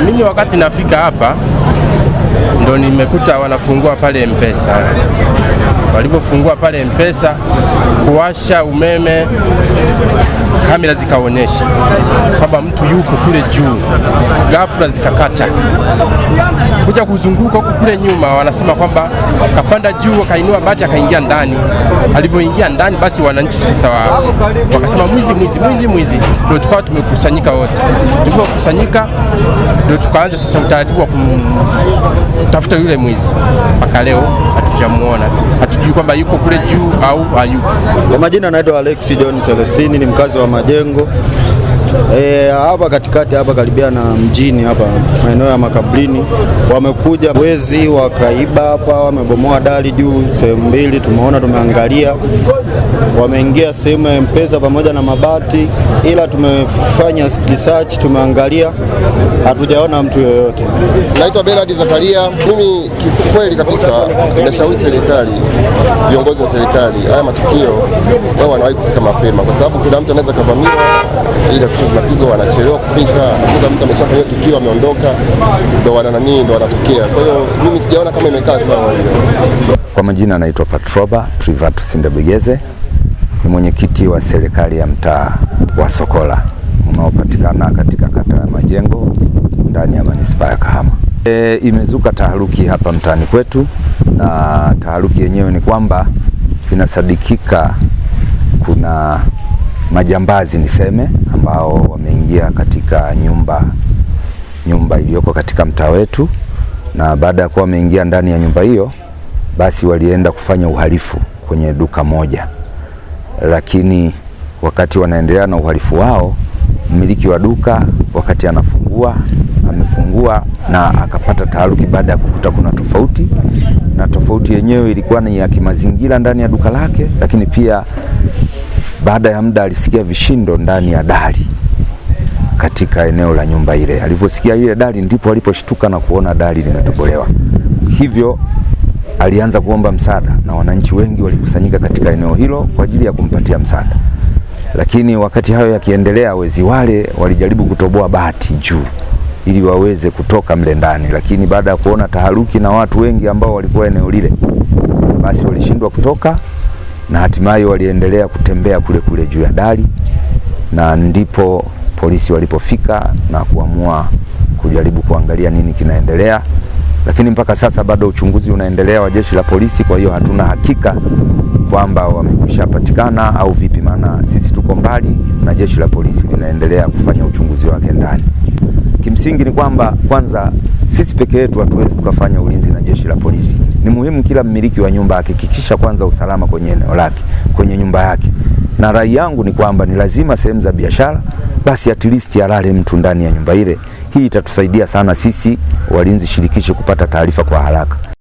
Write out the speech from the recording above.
Mimi wakati nafika hapa ndo nimekuta wanafungua pale Mpesa walivyofungua pale Mpesa kuwasha umeme, kamera zikaonyesha kwamba mtu yuko kule juu, ghafla zikakata. Kuja kuzunguka huko kule nyuma, wanasema kwamba kapanda juu, akainua bati, akaingia ndani. Alivyoingia ndani, basi wananchi sasa wa, wakasema mwizi, mwizi, mwizi, mwizi. Ndio tukawa tumekusanyika wote. Tulipokusanyika ndio tukaanza sasa utaratibu wa kumtafuta yule mwizi mpaka leo hatujamuona, hatujui kwamba yuko kule juu au hayuko. Kwa majina anaitwa Alex John Celestini, ni mkazi wa Majengo. Eh, hapa e, katikati hapa karibia na mjini hapa maeneo ya makablini wamekuja wezi wakaiba hapa, wamebomoa dari juu sehemu mbili, tumeona tumeangalia, wameingia sehemu ya mpesa pamoja na mabati, ila tumefanya research, tumeangalia, hatujaona mtu yoyote. Naitwa Bernard Zakaria. Mimi kikweli kabisa nashauri serikali, viongozi wa serikali, haya matukio wao wanawahi kufika mapema, kwa sababu kuna mtu anaweza kavamiwa ila simu zinapigwa, wanachelewa kufika, anakuta mtu ameshafanya tukio ameondoka, ndo wana nani, ndo wanatokea. Kwa hiyo mimi sijaona kama imekaa sawa hiyo. Kwa majina anaitwa Patroba Privatus Ndabigeze, ni mwenyekiti wa serikali ya mtaa wa Sokola unaopatikana katika kata ya Majengo ndani ya manispaa ya Kahama. E, imezuka taharuki hapa mtaani kwetu, na taharuki yenyewe ni kwamba inasadikika kuna majambazi niseme ambao wameingia katika nyumba nyumba iliyoko katika mtaa wetu, na baada ya kuwa wameingia ndani ya nyumba hiyo, basi walienda kufanya uhalifu kwenye duka moja, lakini wakati wanaendelea na uhalifu wao, mmiliki wa duka wakati anafungua amefungua na akapata taharuki baada ya kukuta kuna tofauti, na tofauti yenyewe ilikuwa ni ya kimazingira ndani ya duka lake, lakini pia baada ya muda alisikia vishindo ndani ya dari katika eneo la nyumba ile. Alivyosikia ile dari, ndipo aliposhtuka na kuona dari linatobolewa, hivyo alianza kuomba msaada, na wananchi wengi walikusanyika katika eneo hilo kwa ajili ya kumpatia msaada. Lakini wakati hayo yakiendelea, wezi wale walijaribu kutoboa bahati juu ili waweze kutoka mle ndani, lakini baada ya kuona taharuki na watu wengi ambao walikuwa eneo lile, basi walishindwa kutoka na hatimaye waliendelea kutembea kule kule juu ya dari, na ndipo polisi walipofika na kuamua kujaribu kuangalia nini kinaendelea, lakini mpaka sasa bado uchunguzi unaendelea wa jeshi la polisi. Kwa hiyo hatuna hakika kwamba wamekwishapatikana au vipi, maana sisi tuko mbali na jeshi la polisi linaendelea kufanya uchunguzi wake ndani. Kimsingi ni kwamba kwanza sisi peke yetu hatuwezi tukafanya ulinzi na jeshi la polisi. Ni muhimu kila mmiliki wa nyumba akikikisha kwanza usalama kwenye eneo lake, kwenye nyumba yake, na rai yangu ni kwamba ni lazima sehemu za biashara, basi at least alale mtu ndani ya nyumba ile. Hii itatusaidia sana sisi walinzi shirikishi kupata taarifa kwa haraka.